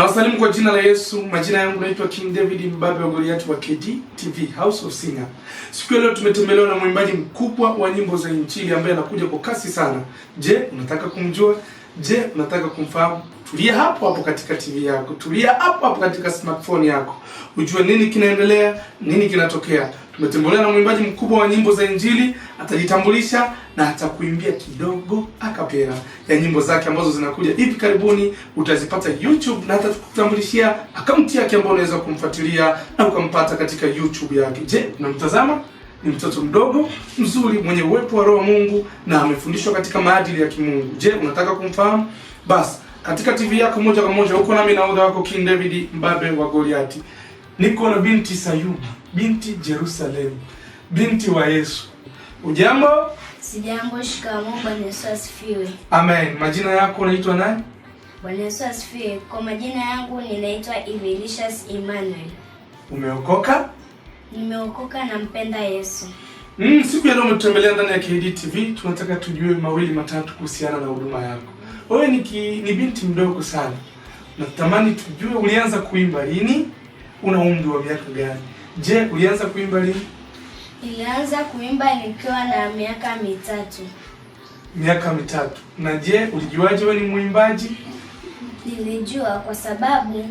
Na wasalimu kwa jina la Yesu. Majina yangu naitwa King David Mbabe wa Goliath wa KD TV House of Singer. Siku leo tumetembelewa na mwimbaji mkubwa wa nyimbo za Injili ambaye anakuja kwa kasi sana. Je, unataka kumjua? Je, unataka kumfahamu? Tulia hapo hapo katika TV yako, tulia hapo hapo katika smartphone yako, ujue nini kinaendelea, nini kinatokea umetembelewa na mwimbaji mkubwa wa nyimbo za Injili, atajitambulisha na atakuimbia kidogo akapera ya nyimbo zake ambazo zinakuja hivi karibuni, utazipata YouTube na atakutambulishia akaunti yake ambayo unaweza kumfuatilia na ukampata katika YouTube yake. Je, unamtazama? Ni mtoto mdogo mzuri mwenye uwepo wa Roho Mungu na amefundishwa katika maadili ya kimungu. Je, unataka kumfahamu? Basi katika TV yako moja kwa moja huko, nami nahodha wako King David Mbabe wa Goliati, niko na binti Sayubu binti Jerusalemu, binti wa Yesu. Ujambo? Sijambo. Shikamoo. Bwana Yesu asifiwe. Amen. Majina yako unaitwa nani? Bwana Yesu asifiwe. Kwa majina yangu ninaitwa Evelicious Emmanuel. Umeokoka? Nimeokoka, nampenda Yesu. Mm, siku ya leo umetutembelea ndani ya KD TV, tunataka tujue mawili matatu kuhusiana na huduma yako. Wewe ni, ni binti mdogo sana, natamani tujue ulianza kuimba lini, una umri wa miaka gani? Je, ulianza kuimba lini? Nilianza kuimba nikiwa na miaka mitatu. Miaka mitatu. Na je, ulijuaje wewe ni mwimbaji? Nilijua kwa sababu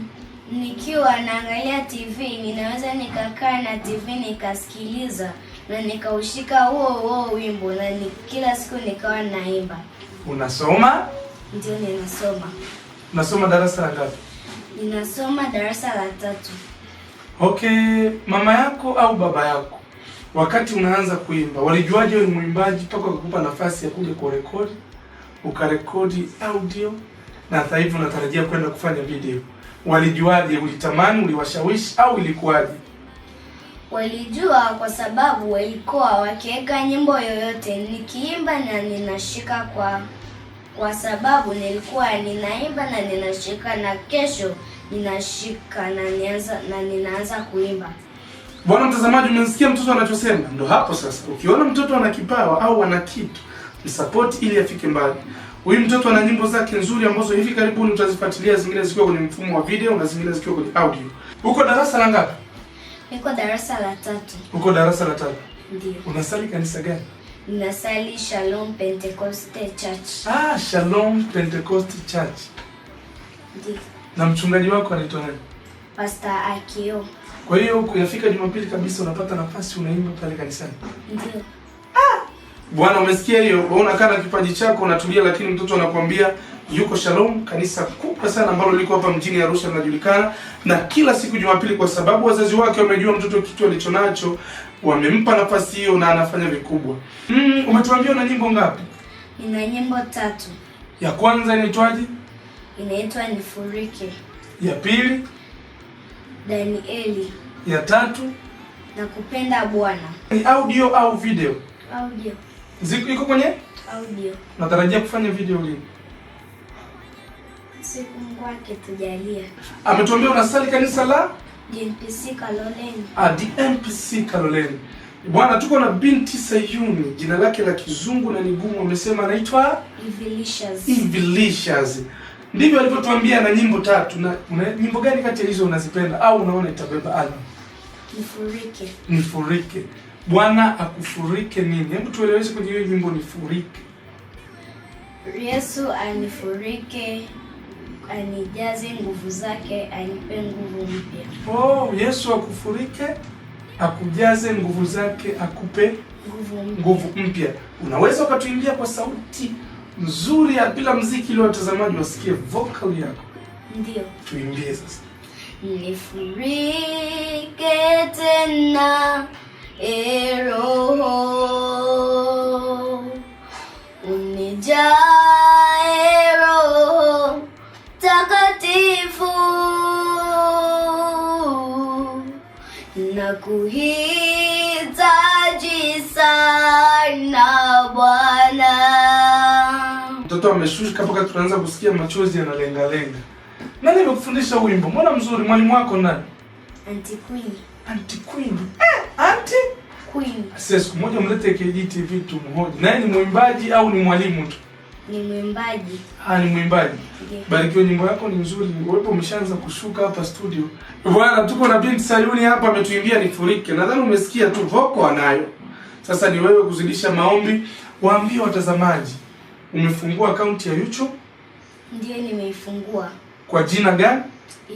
nikiwa naangalia TV ninaweza nikakaa na TV nikasikiliza na nikaushika huo huo wimbo na ni, kila siku nikawa naimba. Unasoma? Ndio, ninasoma. Unasoma darasa la ngapi? Ninasoma darasa la tatu. Okay, mama yako au baba yako wakati unaanza kuimba walijuaje wewe mwimbaji toka kukupa nafasi ya kuja kurekodi ukarekodi audio na sasa hivi unatarajia kwenda kufanya video? Walijuaje? Ulitamani, uliwashawishi au ilikuwaje? Walijua kwa sababu walikuwa wakiweka nyimbo yoyote nikiimba na ninashika kwa kwa sababu nilikuwa ninaimba na ninashika, na kesho ninashika na nianza na ninaanza kuimba. Bwana mtazamaji, umesikia mtoto anachosema? Ndio hapo sasa, ukiona mtoto ana kipawa au ana kitu, msapoti ili afike mbali. Huyu mtoto ana nyimbo zake nzuri ambazo hivi karibuni utazifuatilia, zingine zikiwa kwenye mfumo wa video na zingine zikiwa kwenye audio. Uko darasa la ngapi? Niko darasa la tatu. Uko darasa la tatu? Ndio. Unasali kanisa gani? Ninasali Shalom Pentecost Church. Ah, Shalom Pentecost Church. Ndio. Na mchungaji wako anaitwa nani? Pastor Akio. Kwa hiyo kuyafika Jumapili kabisa unapata nafasi unaimba pale kanisani. Ndio. Ah! Bwana umesikia hiyo? Wewe unakaa na kipaji chako unatulia, lakini mtoto anakuambia yuko Shalom, kanisa kubwa sana ambalo liko hapa mjini Arusha linajulikana na kila siku Jumapili, kwa sababu wazazi wake wamejua mtoto kitu alicho nacho, wamempa nafasi hiyo na anafanya vikubwa. Mm, umetuambia una nyimbo ngapi? Nina nyimbo tatu. Ya kwanza inaitwaje? inaitwa Nifurike, ya pili Danieli, ya tatu na kupenda Bwana. Ni audio au video? Audio. Ziko iko kwenye audio. Natarajia kufanya video lini? Siku Mungu akitujalia. Ametuambia unasali kanisa la DMPC Kaloleni. Ah, DMPC Kaloleni. Bwana, tuko na binti Sayuni, jina lake la kizungu na ni gumu, amesema anaitwa Evilicious. Evilicious. Ndivyo alivyotuambia na nyimbo tatu. Na una, nyimbo gani kati ya hizo unazipenda au unaona itabeba album? Nifurike. Nifurike. Bwana akufurike nini? Hebu tueleweshe kwenye hiyo nyimbo nifurike. Yesu anifurike, anijaze nguvu zake, anipe nguvu mpya. Oh, Yesu akufurike, akujaze nguvu zake, akupe nguvu mpya. Unaweza ukatuimbia kwa sauti nzuri ya bila mziki ili watazamaji wasikie vocal yako. Ndio. Tuimbie sasa. Nifurike tena e Roho, unijae Roho Takatifu, nakuhitaji sana Bwana watoto wameshushka mpaka tunaanza kusikia machozi yanalenga lenga. Nani amekufundisha wimbo? Mbona mzuri mwalimu wako nani? Auntie Queen. Auntie Queen. Eh, Auntie Queen. Sasa siku moja mlete KG TV tumhoji. Naye ni mwimbaji au ni mwalimu tu? Ni mwimbaji. Ah, ni mwimbaji. Yeah. Barikiwa, nyimbo yako ni nzuri. Wewe umeshaanza kushuka hapa studio. Bwana, tuko na binti Sayuni hapa ametuimbia nifurike. Nadhani umesikia tu voko anayo. Sasa ni wewe kuzidisha maombi, waambie watazamaji Umefungua akaunti ya YouTube? Ndiyo, nimeifungua. Kwa jina gani?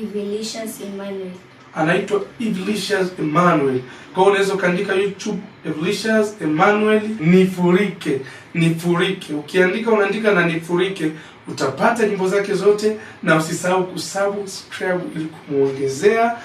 Evelicious Emmanuel. Anaitwa Evelicious Emmanuel. Kwa hiyo unaweza ukaandika YouTube Evelicious Emmanuel nifurike, nifurike. Ukiandika unaandika na nifurike, utapata nyimbo zake zote, na usisahau kusubscribe ili kumuongezea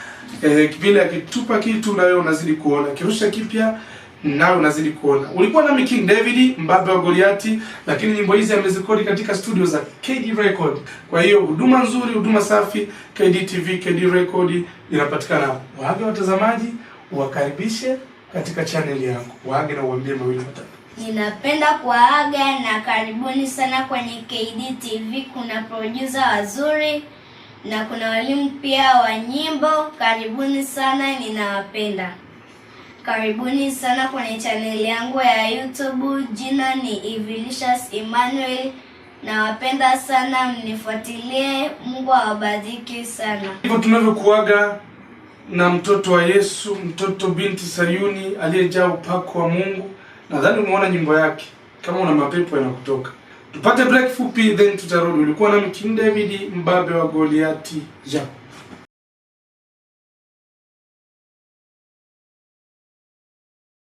eh, vile akitupa kitu na wewe unazidi kuona kirusha kipya nawe unazidi kuona. Ulikuwa nami King David, mbabe wa Goliati, lakini nyimbo hizi amezikodi katika studio za KD Record. Kwa hiyo huduma nzuri, huduma safi, KD TV, KD Record inapatikana. Waage watazamaji, wakaribishe katika chaneli yangu, waage na uambie mawili matatu. Ninapenda kuwaaga na karibuni sana kwenye KD TV. Kuna producer wazuri na kuna walimu pia wa nyimbo. Karibuni sana, ninawapenda. Karibuni sana kwenye chaneli yangu ya YouTube. Jina ni Evilicious Emmanuel. Nawapenda sana, mnifuatilie. Mungu awabariki sana. Hivyo tunavyokuaga na mtoto wa Yesu, mtoto binti Sayuni aliyejaa upako wa Mungu. Nadhani umeona nyimbo yake, kama una mapepo yanakutoka. Tupate break fupi, then tutarudi. Ulikuwa na Mkinde David, mbabe wa Goliati.